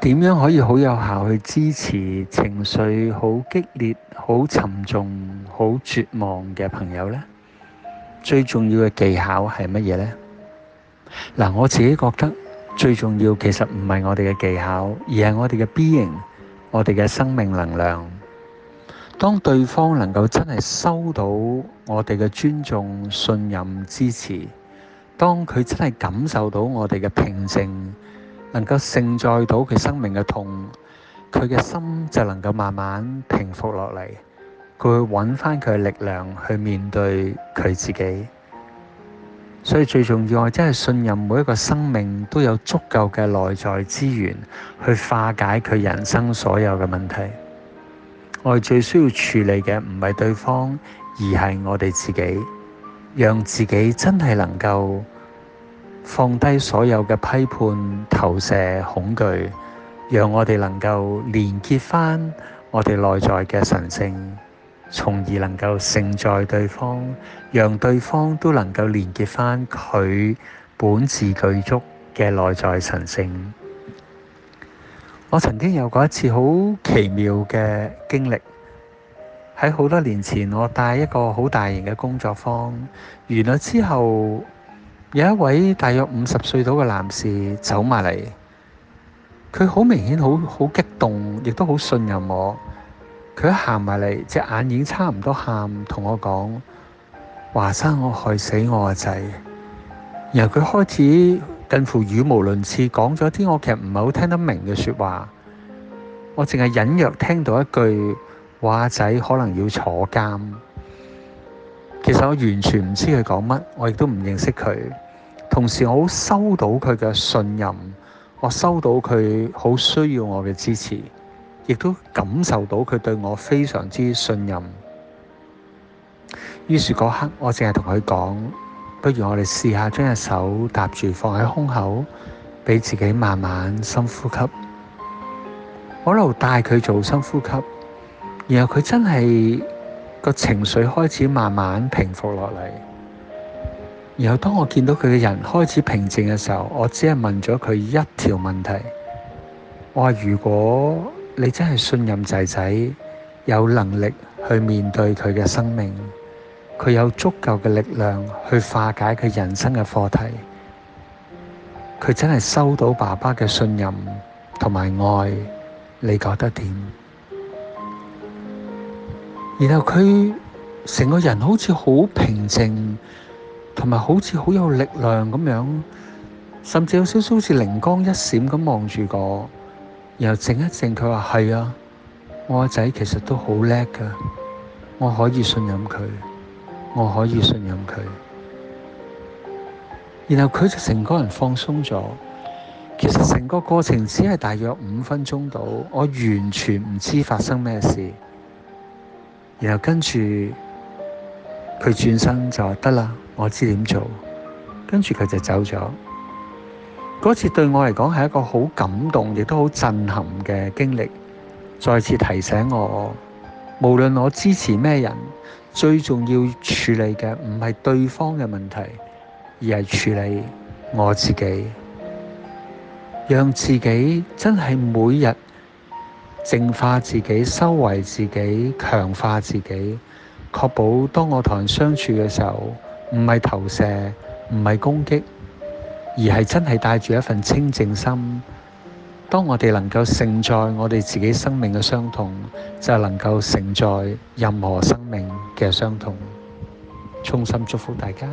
點樣可以好有效去支持情緒好激烈、好沉重、好絕望嘅朋友呢？最重要嘅技巧係乜嘢呢？嗱，我自己覺得最重要其實唔係我哋嘅技巧，而係我哋嘅 being，我哋嘅生命能量。當對方能夠真係收到我哋嘅尊重、信任、支持，當佢真係感受到我哋嘅平靜。能夠承載到佢生命嘅痛，佢嘅心就能夠慢慢平復落嚟，佢會揾翻佢嘅力量去面對佢自己。所以最重要，我真係信任每一個生命都有足夠嘅內在資源去化解佢人生所有嘅問題。我哋最需要處理嘅唔係對方，而係我哋自己，讓自己真係能夠。放低所有嘅批判、投射、恐懼，讓我哋能夠連結翻我哋內在嘅神聖，從而能夠承載對方，讓對方都能夠連結翻佢本自具足嘅內在神聖。我曾經有過一次好奇妙嘅經歷，喺好多年前，我帶一個好大型嘅工作坊完咗之後。有一位大約五十歲到嘅男士走埋嚟，佢好明顯好好激動，亦都好信任我。佢一行埋嚟，隻眼已經差唔多喊，同我講：華生，我害死我個仔。然後佢開始近乎語無倫次講咗啲我其實唔係好聽得明嘅説話，我淨係隱約聽到一句：華仔可能要坐監。其實我完全唔知佢講乜，我亦都唔認識佢。同時我好收到佢嘅信任，我收到佢好需要我嘅支持，亦都感受到佢對我非常之信任。於是嗰刻我淨係同佢講：不如我哋試下將隻手搭住放喺胸口，俾自己慢慢深呼吸。我一路帶佢做深呼吸，然後佢真係個情緒開始慢慢平復落嚟，然後當我見到佢嘅人開始平靜嘅時候，我只係問咗佢一條問題，我話：如果你真係信任仔仔有能力去面對佢嘅生命，佢有足夠嘅力量去化解佢人生嘅課題，佢真係收到爸爸嘅信任同埋愛，你覺得點？然後佢成個人好似好平靜，同埋好似好有力量咁樣，甚至有少少似靈光一閃咁望住我。然後靜一靜，佢話：係啊，我個仔其實都好叻㗎，我可以信任佢，我可以信任佢。然後佢就成個人放鬆咗。其實成個過程只係大約五分鐘到，我完全唔知發生咩事。然後跟住佢轉身就話，得啦，我知點做。跟住佢就走咗。嗰次對我嚟講係一個好感動，亦都好震撼嘅經歷。再次提醒我，無論我支持咩人，最重要處理嘅唔係對方嘅問題，而係處理我自己，讓自己真係每日，淨化自己，修為自己，強化自己，確保當我同人相處嘅時候，唔係投射，唔係攻擊，而係真係帶住一份清淨心。當我哋能夠承載我哋自己生命嘅傷痛，就能夠承載任何生命嘅傷痛。衷心祝福大家。